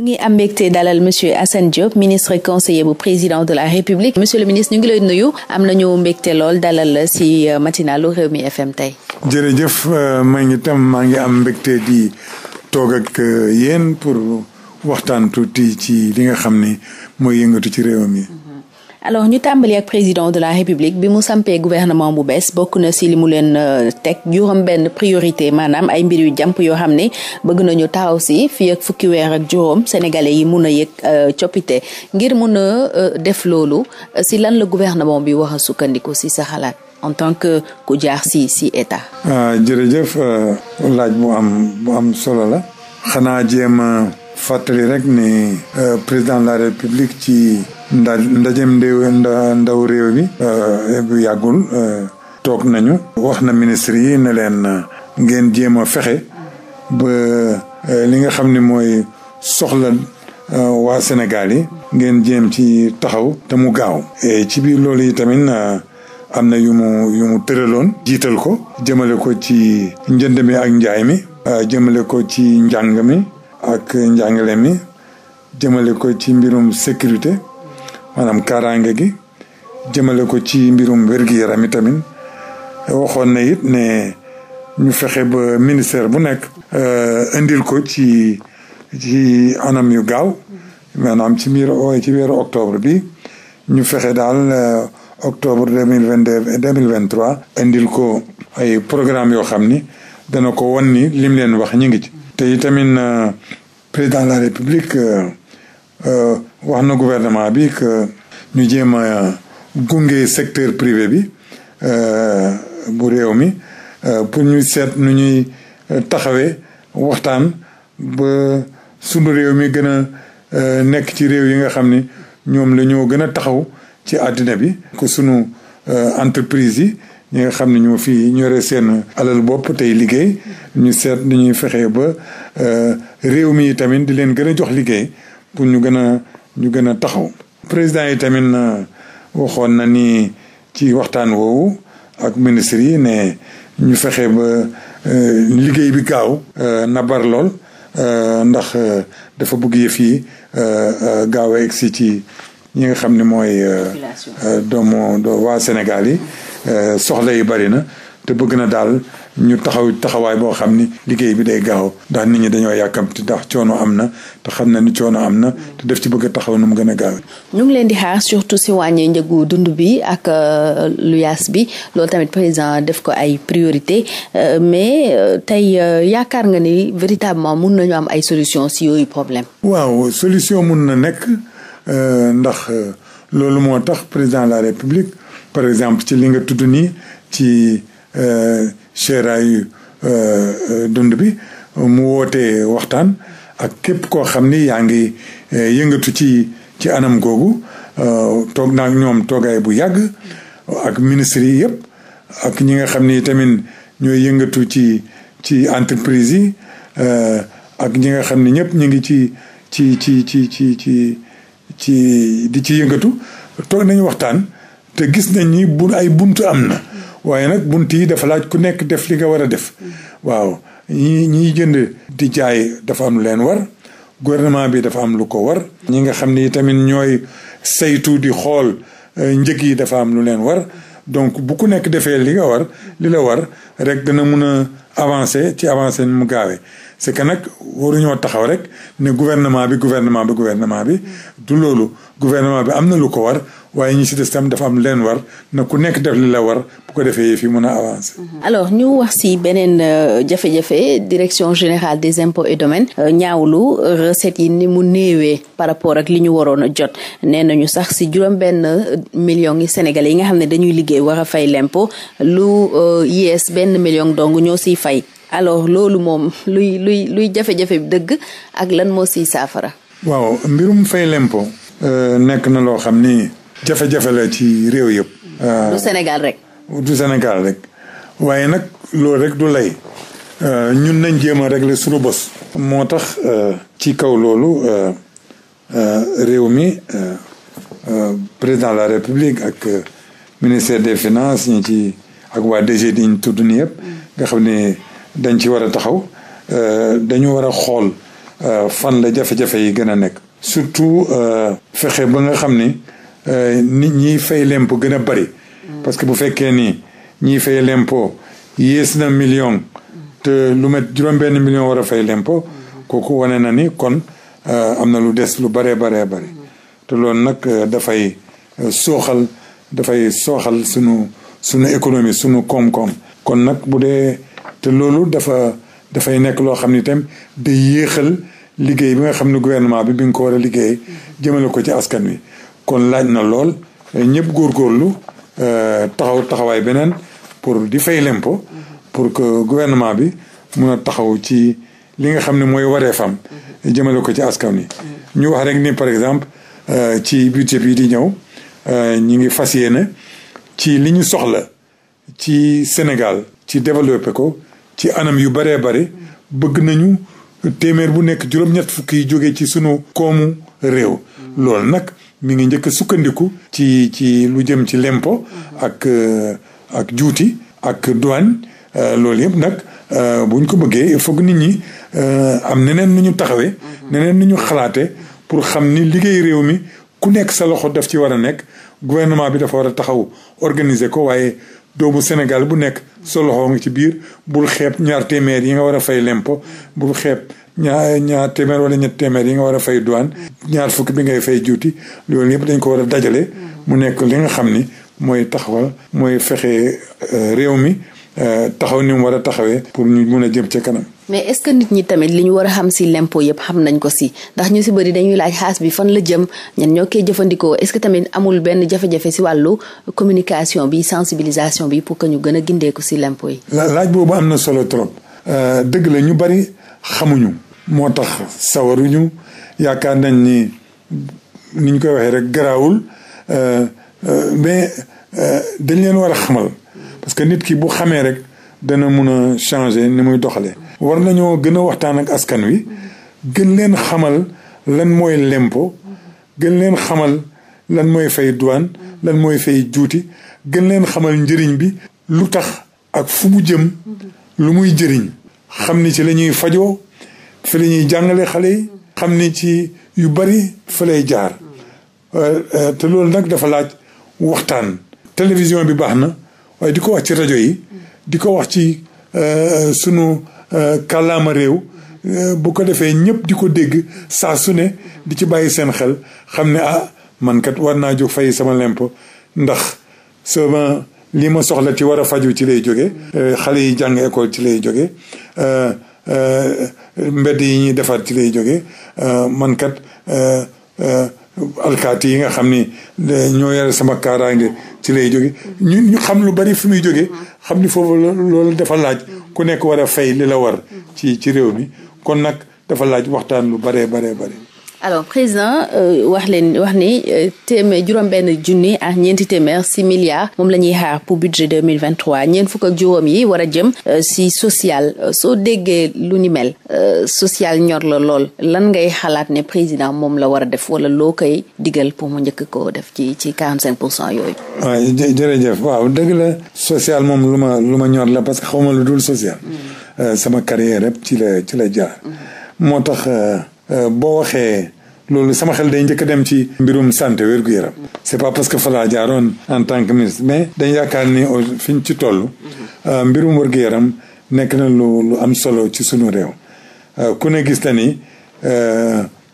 ñu ngi am mbégte dalal monsieur Assane Diop ministre conseiller bu président de la république monsieur le ministre ñu ngi lay nuyu am nañu mbégte lool dalal la si euh, réew mi FM tey. jërëjëf euh, maa ngi tam maa ngi am mbégte di toog ak euh, yéen pour waxtaan tuuti ci li nga xam ni mooy yëngatu ci réew mi. alors ñu tàmbali ak président de la république bi mu sampee gouvernement bu bees bokk na si li mu leen euh, teg juróom benn priorité maanaam ay mbir yu jàmp yoo xam ne bëgg nañu taxaw si fii ak fukki weer ak juróom sénégalais yi mun a yëg euh, coppite ngir mun a euh, def loolu si lan la gouvernement bi wax a sukkandiku si sa xalaat en tant que ku jaar si si état. Ah, jërëjëf laaj bu am bu am solo la. xanaa jéem a fàttali rek ni président de la république ci. nda ndajem ndéew nda ndaw réew bi euh, bu yàggul euh, toog nañu wax na ministre yi ne leen euh, ngeen jéem a fexe li nga xam ni mooy soxla waa Sénégal yi ngeen jéem ci taxaw te mu gaaw ci biir loolu yi tamit am na yumu yumu yu jiital ko jëmale ko ci njënd mi ak njaay mi jëmale ko ci njàng mi ak njàngale mi jëmale ko ci mbirum sécurité maanaam kaaraange gi jëmale ko ci mbirum wér yaram yaram itamit waxoon na it ne ñu fexe ba ministère bu nekk euh, indil ko ci ci anam yu gaaw maanaam ci biir ci weeru octobre bi ñu fexe daal euh, octobre deux mille vingt deux trois indil ko ay programme yoo xam ni dana ko won ni lim leen wax ñu ngi ci. te itamit euh, président de la république. Euh, wax na gouvernement bi que ñu jéem a gunge secteur privé bi euh, bu réew mi euh, pour ñu seet nu ñuy taxawee waxtaan ba sunu réew mi gën a nekk ci réew yi nga xam ni ñoom la ñoo gën a taxaw ci àddina bi ko sunu entreprise yi ñi nga xam ne ñoo fi ñore seen alal bopp tey liggéey ñu seet ni ñuy fexee ba réew mi tamit di leen gën a jox liggéey pour ñu gën a ñu gën a taxaw. président yi tamit waxoon na ni ci waxtaan woowu ak ministre yi ne ñu fexe ba euh, liggéey bi gaaw. Euh, na bar lool euh, ndax dafa bëgg yëf yi gaaw a egsi ci ñu nga xam ni mooy. doomu waa Sénégal yi soxla yi bari na te bëgg na daal. ñu taxaw taxawaay boo xam ni liggéey bi day gaaw ndax nit ñi dañoo yàkkamti ndax coono am na te xam na ni coono am na te def ci bëgg taxaw nu mu gën a gaaw ñu ngi leen di xaar surtout si wàññee njëgu dund bi ak euh, lu yaas bi loolu tamit président def ko ay priorité euh, mais euh, tey yaakaar nga ni véritablement mun nañu am ay solution si problème waaw solution mun na nekk ndax loolu moo tax président de la par exemple ci li nga tudd nii ci seeraayu euh, euh, dund bi mu wootee waxtaan ak képp koo xam ni yaa ngi euh, yëngatu ci ci anam googu toog naa ak ñoom toogaay bu yàgg ak ministres yi yëpp ak ñi nga xam ni tamit ñooy yëngatu ci ci entreprise yi ak ñi nga xam ni ñëpp ñu ngi ci ci ci ci ci ci ci di ci yëngatu toog nañu waxtaan te gis nañ ni bu ay buntu am na waaye nag bunt yi dafa laaj ku nekk def li nga war a def waaw ñi ñiy jënd di jaay dafa am lu leen war gouvernement bi dafa am lu ko war ñi nga xam ni tamit ñooy saytu di xool eh, njëg yi dafa am lu leen war donc bu ku nekk defee li nga war li la war rek dana mun a avancer ci avancer mu gaawee c'est que nag waruñoo taxaw rek ne gouvernement bi gouvernement bi gouvernement bi du loolu gouvernement bi am na lu ko war waaye ñi si des tam dafa am leen war na ku nekk def li la war bu ko defee fi mën a avancer. Mhm. alors ñu wax si beneen euh, jafe-jafe direction générale des impôts et domaines euh, ñaawlu recettes yi ni mu néewee par rapport ak li ñu waroon a jot nee nañu sax si juróom-benn euh, millions yi yi nga xam ne dañuy liggéey war a fay l'impôt lu yees benn million dong ñoo si fay alors loolu moom luy luy luy jafe-jafe dëgg ak lan moo si safara waaw mbirum fay l'impôt. nekk na loo xam jafe-jafe la ci réew yëpp. Euh, du Sénégal rek. du Sénégal rek waaye nag loolu rek du lay. Euh, ñun nañ jéem a régler suñu bos. moo tax euh, ci kaw loolu réew mi président la république ak ministère des finance ñi ci ak waa DG di ñu tudd nii yëpp. nga xam ni dañ ci war a taxaw dañu war a xool fan la jafe-jafe yi gën a nekk. surtout fexe ba nga xam ni. Euh, nit ñiy fay lempo gën a bari parce que bu fekkee ni ñiy fay lempo yées na million te lu met juróom-benn million war a fay lempo kooku wane na ni kon euh, am na lu des lu baree baree bari te loolu nag euh, dafay sooxal dafay sooxal sunu sunu économie sunu koom-koom kon nag bu dee te loolu dafa dafay nekk loo xam ni tam day yéexal liggéey bi nga xam ne gouvernement bi bi ko war a liggéey jëmale ko ci askan wi kon laaj na lool ñëpp góorgóorlu euh, taxaw taxawaay beneen pour di fay lempo pour que gouvernement bi mun a taxaw ci li nga xam ne mooy waree wareefam jëmale ko ci askan wi. ñu wax rek ni par exemple euh, ci budget bi di ñëw euh, ñu ngi fas yéene ci li ñu soxla ci Sénégal ci développé ko ci anam yu bëree bëri bëgg nañu téeméer bu nekk juróom-ñett fukki jóge ci sunu koomu réew loolu nag mi ngi njëkk a sukkandiku ci ci lu jëm ci lempo ak euh, ak juuti ak douane euh, loolu yëpp nag euh, buñ ko bëggee il nit ñi am neneen nu ñu taxawee neneen nu ñu xalaatee pour xam ni liggéey réew mi ku nekk sa loxo daf ci war a nekk gouvernement bi dafa war a taxaw organiser ko waaye doomu Sénégal bu nekk sa loxo ci biir bul xeeb ñaar téeméer yi nga war a fay lempo bul xeep ñaar ñaar téeméer wala ñett téeméer yi nga war a fay douane ñaar fukki bi ngay fay juuti loolu yëpp dañ ko war a dajale mu nekk li nga xam ni mooy taxawal mooy fexe euh, réew mi euh, taxaw ni mu war a taxawee pour ñu mun a jëm ca kanam mais est-ce que nit ñi tamit li ñu war a xam si l'impôt yëpp xam nañ ko si ndax ñu si bëri dañuy laaj xaas bi fan la jëm ñen ñoo koy jëfandikoo est-ce que tamit amul benn jafe-jafe si wàllu communication bi sensibilisation bi pour que ñu gën a gindeeku si l'impôt yi laaj boobu am na solo trop euh, dëgg bari xamuñu moo tax sawaruñu yaakaar nañ ni niñ koy waxee rek garaawul euh, euh, mais euh, dañ leen war a xamal parce que nit ki bu xamee rek dana mun a changer ni muy doxalee war nañoo gën a waxtaan ak askan wi gën leen xamal lan mooy lempo gën leen xamal lan mooy fay duwaan lan mooy fay juuti gën leen xamal njëriñ bi lu tax ak fu jëm lu muy jëriñ xam ni ci la ñuy fajoo fi la ñuy jàngale xale yi xam ni ci yu bari fa jaar euh, euh, te loolu nag dafa laaj waxtaan télévision bi baax na waaye di ko wax ci rajo yi di ko wax ci euh, sunu kàllaama réew bu ko defee ñëpp di ko dégg saa sune di ci bàyyi seen xel xam ne ah man kat war naa jóg fay sama lemp ndax lii ma soxla ci war a faju ci lay jóge eh, xale yi jàng école ci lay jóge eh, eh, mbedd yi ñuy defar ci lay jóge man kat alkaati yi nga xam ni ñoo yore sama kaaraange ci lay jóge ñu xam lu bari fi muy jóge xam ni foofu loolu dafa laaj ku nekk war a fay li la war ci ci réew mi kon nag dafa laaj waxtaan lu baree baree bare alors président euh, wax leen wax ni euh, téeméer juróom-benn junni ak ñeenti téeméer si milliards moom la ñuy xaar pour budget mille vingt trois ñeent fukk ak juróom yi war a jëm euh, si social soo déggee lu ni mel social ñor la lool lan ngay xalaat ne président moom la war a def wala loo koy digal pour mu njëkk ko def ci ci quarante cinq pour cent yooyu. waaw waaw dëgg la social moom lu ma lu ma ñor la parce que xaw ma lu dul social. Mm. sama carrière ci la ci la jaar. Mm. moo tax. Euh, boo waxee loolu sama xel day njëkk a dem ci mbirum santé wér yaram c'est pas parce que fa jaaroon en tant que ministre mais dañ yaakaar ni fi ñu ci toll euh, mbirum wér yaram nekk na lu lu am solo ci sunu réew euh, ku ne gis na ni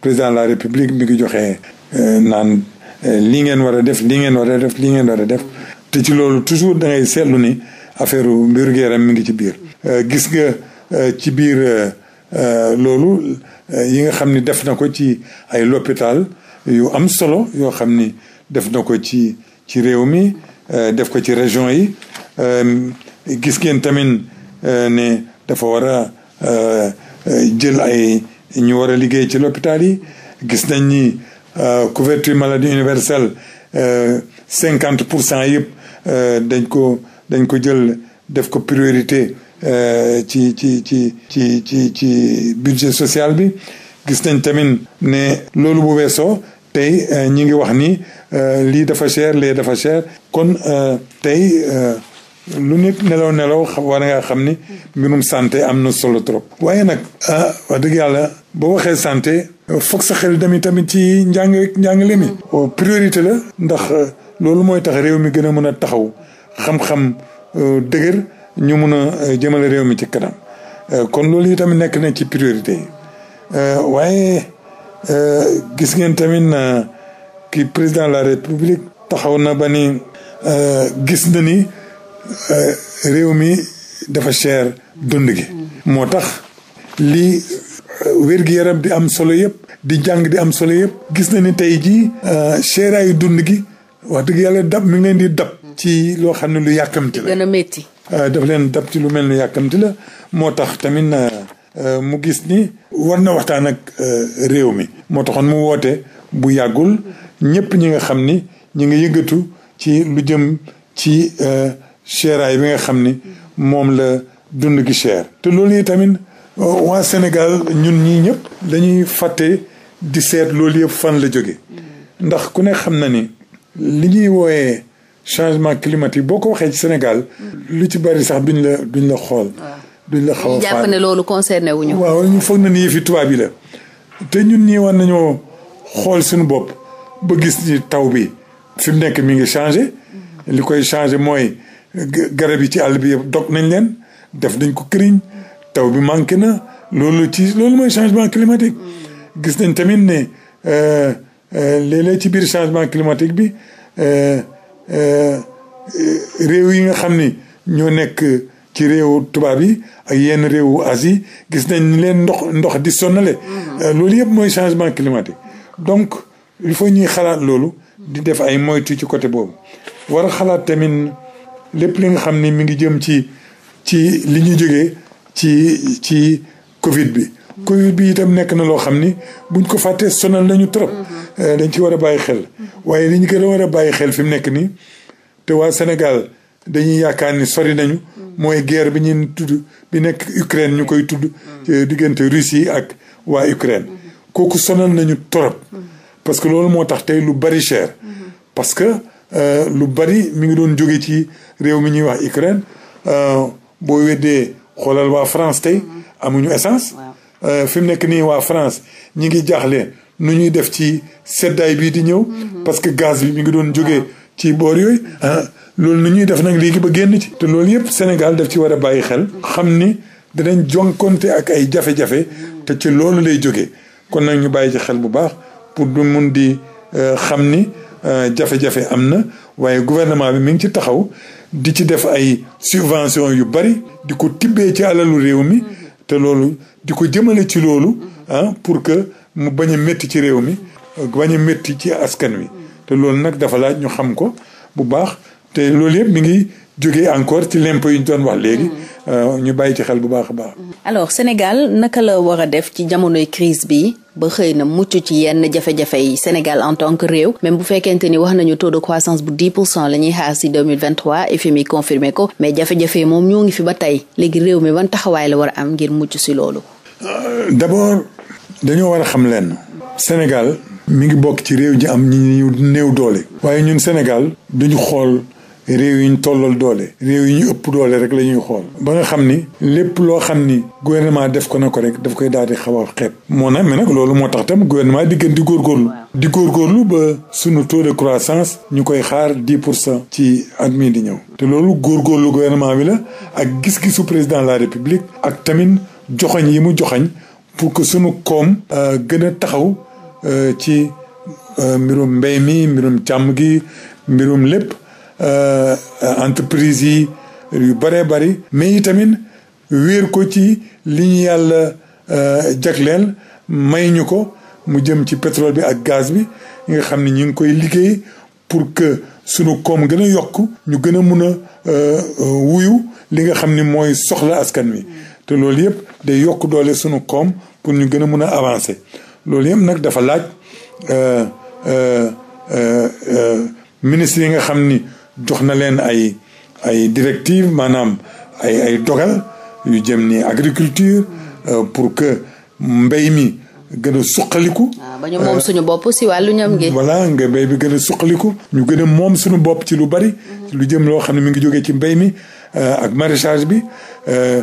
président de la république mi ngi joxe naan lii ngeen war a def lii ngeen war a def lii ngeen war a def te ci loolu toujours da ngay seetlu ni affaire wér gu mi ngi ci biir gis nga ci biir loolu Euh, yi nga xam ni def na ko ci ay l'hôpital yu am solo yoo xam ni def na ko ci ci réew mi euh, def ko ci région yi euh, gis ngeen tamit ne dafa war a jël ay ñu war a liggéey ci l'hôpital yi gis nañ ni couverture maladie universelle cinquante pour cent yëpp dañ ko dañ ko jël def ko priorité Euh, ci ci ci ci ci ci budget sociale bi gis nañ tamit ne loolu bu weesoo tey euh, ñi ngi wax ni euh, lii dafa cher lee dafa cher kon tey lu nit nelaw nelaw war nga xam ni mbirum santé am na solo trop. waaye nag ah wax dëgg yàlla boo waxee santé. foog sa xel dami tamit ci njàng njàngale mi. Oh, priorité la ndax loolu mooy tax réew mi gën a mën a taxaw xam-xam dëgër. ñu mun a euh, jëmale réew mi ci kanam euh, kon loolu yi tamit nekk na ci priorité yi euh, waaye gis ngeen tamit na ki président de la république taxaw na ba ni gis na ni réew mi dafa cher dund gi moo tax li wér-gi-yaram di am solo yëpp di jàng di am solo yëpp gis na ni tey jii cheraayu dund gi wax dëgg yàlla dab mi leen di dab ci loo xam ne lu yàkkamti la Euh, def leen dab ci lu mel ni yàkkamti la moo tax tamit euh, mu gis ni war na waxtaan ak euh, réew mi moo taxoon mu woote bu yàggul ñëpp ñi nga xam ni ñi ngi yëggatu ci lu jëm ci chéraay bi nga xam ni moom la dund gi te loolu yi tamit waa Sénégal ñun ñii ñëpp dañuy fàtte di seet loolu yëpp fan la jóge ndax ku ne xam na ni li ñuy wooyee changement climatique boo ko waxee ci Sénégal. lu ci bari sax duñ la duñ la xool. duñ la xaw a jàpp ne loolu concerné wuñu waaw ñu foog na ni fi tubaab yi la. te ñun ñii war nañoo xool suñu bopp ba gis ni taw bi fi mu nekk mi ngi changé. Mm-hmm. li koy changé mooy garab yi ci àll bi yëpp dog nañ leen def nañ ko këriñ taw bi manqué na loolu ci loolu mooy changement climatique. Mm-hmm. gis nañ tamit ne euh, euh, léeg-léeg ci biir changement climatique bi. Euh, Euh, euh, réew yi nga xam ni ñoo nekk ci réew tubaab yi ak yenn réewu Asie gis nañ leen ndox ndox di sonnale mhm. euh, loolu yëpp mooy changement climatique donc il faut ñuy xalaat loolu di def ay moytu ci côté boobu war a xalaat tamit lépp li nga xam ni mi ngi jëm ci ci li ñu jógee ci ci Covid bi Covid bi itam nekk na loo xam ni buñ ko fàttee sonal nañu trop. Eh, dañ ci war a bàyyi xel. waaye li ñu gën a war a bàyyi xel fi mu nekk nii te waa Sénégal dañuy yaakaar ni sori nañu. mooy guerre bi ñu tudd bi nekk Ukraine ñu koy tudd. diggante Russie ak waa Ukraine. kooku sonal nañu trop. parce que loolu moo tax tey lu bari cher. parce que eh, lu bari mi ngi doon jóge ci réew mi ñuy wax Ukraine eh, boo weddee xoolal waa France tey amuñu essence. Euh, fi mu nekk nii waa France ñi ngi jaaxle nu ñuy def ci seddaay bii di ñëw. Mhm. parce que gaz bi mi ngi doon jógee ci boor yooyu. Ah, loolu nu ñuy def nag léegi ba génn ci. te loolu yëpp Sénégal def ci war a bàyyi xel. xam ni danañ jonkonte ak ay jafe-jafe. Mhm. ci loolu lay jógee. kon nag ñu bàyyi ci xel bu baax pour du mun di euh, xam ni euh, jafe-jafe am na waaye gouvernement bi mi ngi ci taxaw di ci def ay subvention yu bari. di ko tibbee ci alalu réew mi. Mhm. te loolu di ko jëmale ci loolu ah pour que mu bañ a métti ci réew mi bañ a métti ci askan wi te loolu nag dafa ñu xam ko bu baax te loolu yëpp mi ngi jógee encore ci l'impôt yi ñu doon wax léegi mm-hmm. euh, ñu bàyyi ci xel bu baax a baax alors Sénégal naka la war a def ci jamonoy crise bi ba xëy na mucc ci yenn jafe-jafe yi Sénégal en tant que réew même bu fekkente ni wax nañu taux de croissance bu 10 pour cent la ñuy xaar si 2023 FMI confirmé ko mais jafe-jafe yi moom ñoo ngi fi ba tey léegi réew mi ban taxawaay la war a am ngir mucc si loolu. Euh, d'abord dañoo war a xam lenn. Sénégal mi ngi bokk ci réew ji am ñi ñu néew doole. waaye ñun Sénégal duñu xool. réew yi ñu tollal doole réew yi ñu ëpp doole rek la ñuy xool ba nga xam ni lépp loo xam ni gouvernement def ko na ko rek daf koy daal di xaw a xeeb moo nag mais nag loolu moo tax tam gouvernement di gën di góorgóorlu di góorgóorlu ba sunu taux de croissance ñu koy xaar dix pour ci at mii di ñëw te loolu góorgóorlu gouvernement bi la ak gis-gisu président la république ak tamit joxañ yi mu joxañ pour ko sunu koom euh, gën a taxaw euh, ci euh, mbirum mbay mi mbirum càmm gi mbirum lépp Euh, entreprise yi yu bëree bëri mais itamit wéer ko ci li ñu yàlla euh, jagleel may ñu ko mu jëm ci petrole bi ak gaz bi nga xam ni ñu ngi koy liggéey pour que sunu koom gën a yokk ñu gën a mun a euh, wuyu li nga xam ni mooy soxla askan wi te loolu yëpp day yokk doole sunu koom pour ñu gën a mun a avancer loolu yëpp nag dafa laaj ministre yi nga xam ni jox na leen ay ay directives maanaam ay ay dogal yu jëm ni agriculture euh, pour que mbay mi gën a suqaliku. Ah, ba moom suñu bopp si wàllu ñam gi. voilà nga mbay bi gën a suqaliku. ñu gën a moom suñu bopp ci lu bari. lu jëm loo xam ne mu ngi jógee ci mbéy mi euh, ak maraîchage bi euh,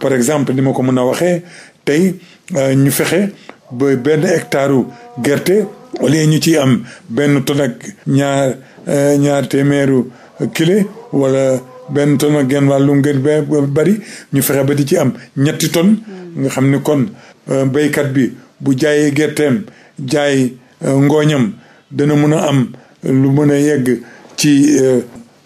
par exemple ni ma ko mën a waxee tey ñu fexe ba benn hectare gerte. au lieu ñu ci am benn tonne ak ñaar. ñaar téeméeru kile wala benn ton ak genn wàllu ngër ba bari ñu fexe ba di ci am ñetti tonne hmm. nga xam ni kon euh, béykat bi bu jaayee gerteem jaay euh, ngooñam dana mun a am lu mën a yegg ci euh,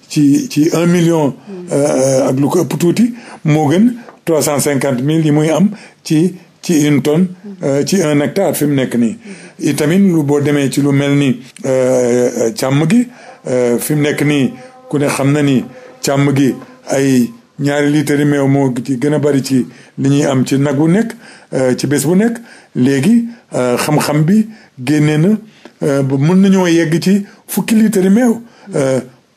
ci ci un million hmm. ak lu ko ëpp tuuti moo gën trois cent cinquante mille yi muy am ci ci une tonne hmm. ci un hectare fi mu nekk nii itamit lu boo demee ci lu mel ni càmm gi Euh, fi mu nekk nii ku ne xam na ni càmm gi ay ñaari litre meew moo ci gën a bari ci li ñuy am ci nag wu nekk euh, ci bés bu nekk léegi euh, xam-xam bi génnee na ba mën nañoo yegg ci fukki litre meew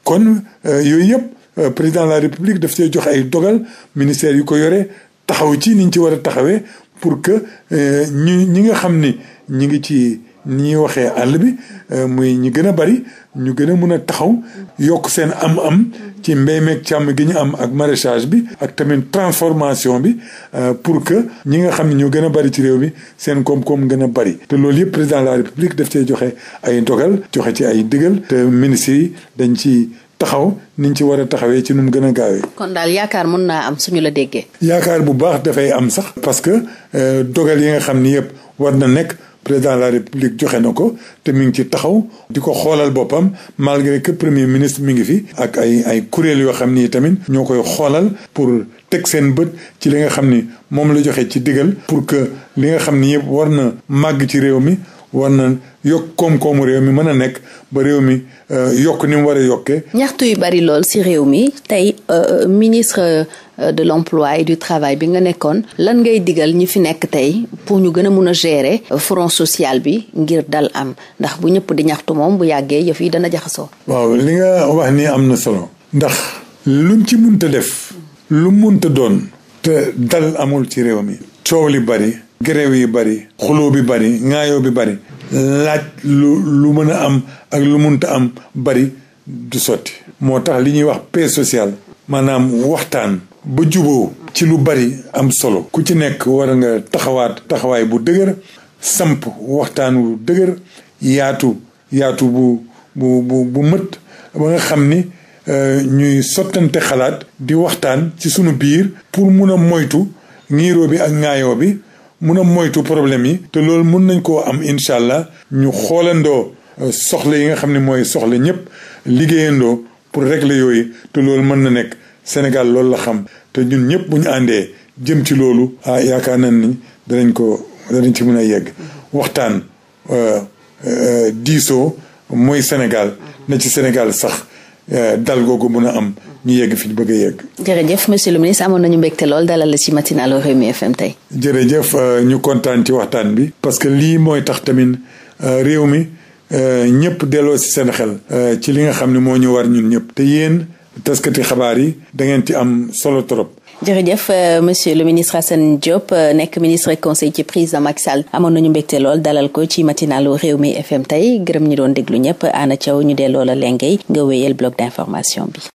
kon yooyu yëpp président la république daf see jox ay dogal ministère yu ko yore taxaw ci niñ ci war a taxawee pour que ñu ñi nga xam ni ñi ngi ci ñi waxee àll bi euh, muy ñi gën a bari ñu gën a mun a taxaw yokk seen am-am ci mbéy meeg càmm gi ñu am ak maraîchage bi ak tamit transformation bi euh, pour que ñi nga xam ne ñoo gën a bari ci réew mi seen koom-koom gën a bari te loolu yëpp président la république daf cee joxe ay ndogal joxe ci ay digal te ministres dañ ci taxaw niñ ci war a taxawee ci nu mu gën a gaawee. kon daal yaakaar mën naa am suñu la déggee. yaakaar bu baax dafay am sax. parce que euh, dogal yi nga xam ni yëpp war na nekk. président de la république joxe na ko te mi ngi ci taxaw di ko xoolal boppam malgré que premier ministre mi ngi fi ak ay ay yoo xam ni tamit ñoo koy xoolal pour teg seen bët ci li nga xam ni moom la joxe ci diggal pour que li nga xam ni yëpp war na màgg ci réew mi war na yokk koom-koomu réew mi mën a nekk ba réew mi euh, yokk ni mu war a yokkee. ñaxtu yu bari lool ci réew mi tey euh, ministre euh, de l'emploi et du travail bi nga nekkoon lan ngay digal ñi fi nekk tey pour ñu gën a mun a gérer front sociale bi ngir dal am ndax bu ñëpp di ñaxtu moom bu yàggee yëf yi dana jaxasoo. waaw li nga wax ni am na solo. ndax luñ ci munta def. lu munta doon. te dal amul ci réew mi. coow li bari. grève yi bari. xuloo bi bari ŋaayoo bi bari. laaj lu lu mën a am ak lu munta am bari du sotti moo tax li ñuy wax paix sociale maanaam waxtaan ba juboo ci lu bari am solo ku ci nekk war nga taxawaat taxawaay bu dëgër samp waxtaan wu dëgër yaatu yaatu bu bu bu bu ba nga xam ni euh, ñuy sottante xalaat di waxtaan ci sunu biir pour mun a moytu ngiiroo bi ak ŋaayoo bi mun a moytu problème yi te loolu mun nañ koo am incha allah ñu xoolandoo euh, soxla yi nga xam ni mooy soxla ñëpp liggéeyandoo pour régler yooyu te loolu mën na nekk Sénégal loolu la xam te ñun ñëpp bu ñu àndee jëm ci loolu ah yaakaar nañ ni danañ ko danañ ci mun a yegg waxtaan euh, euh, diisoo mooy Sénégal na ci Sénégal sax Euh, dal googu mun a am ñu yegg fi ñu bëgg a yegg. jërëjëf monsieur le ministre amoon nañu mbégte lool dalal la ci matinalu Rewmi FM tey. jërëjëf euh, ñu kontaan ci waxtaan bi. parce que lii mooy tax tamit euh, réew mi ñëpp delloo si seen xel. ci li nga xam ni moo ñu war ñun ñëpp. te yéen taskati xabaar yi da ngeen ci am solo trop. jërëjëf euh, monsieur le ministre Assane Diop euh, nekk ministre conseil ci président Macky Sall amoon nañu mbégte lool dalal ko ci matinalu réew mi FM tey gërëm ñu doon déglu ñëpp Anna Thiaw ñu delloo la lengay nga wéyal bloc d'information bi.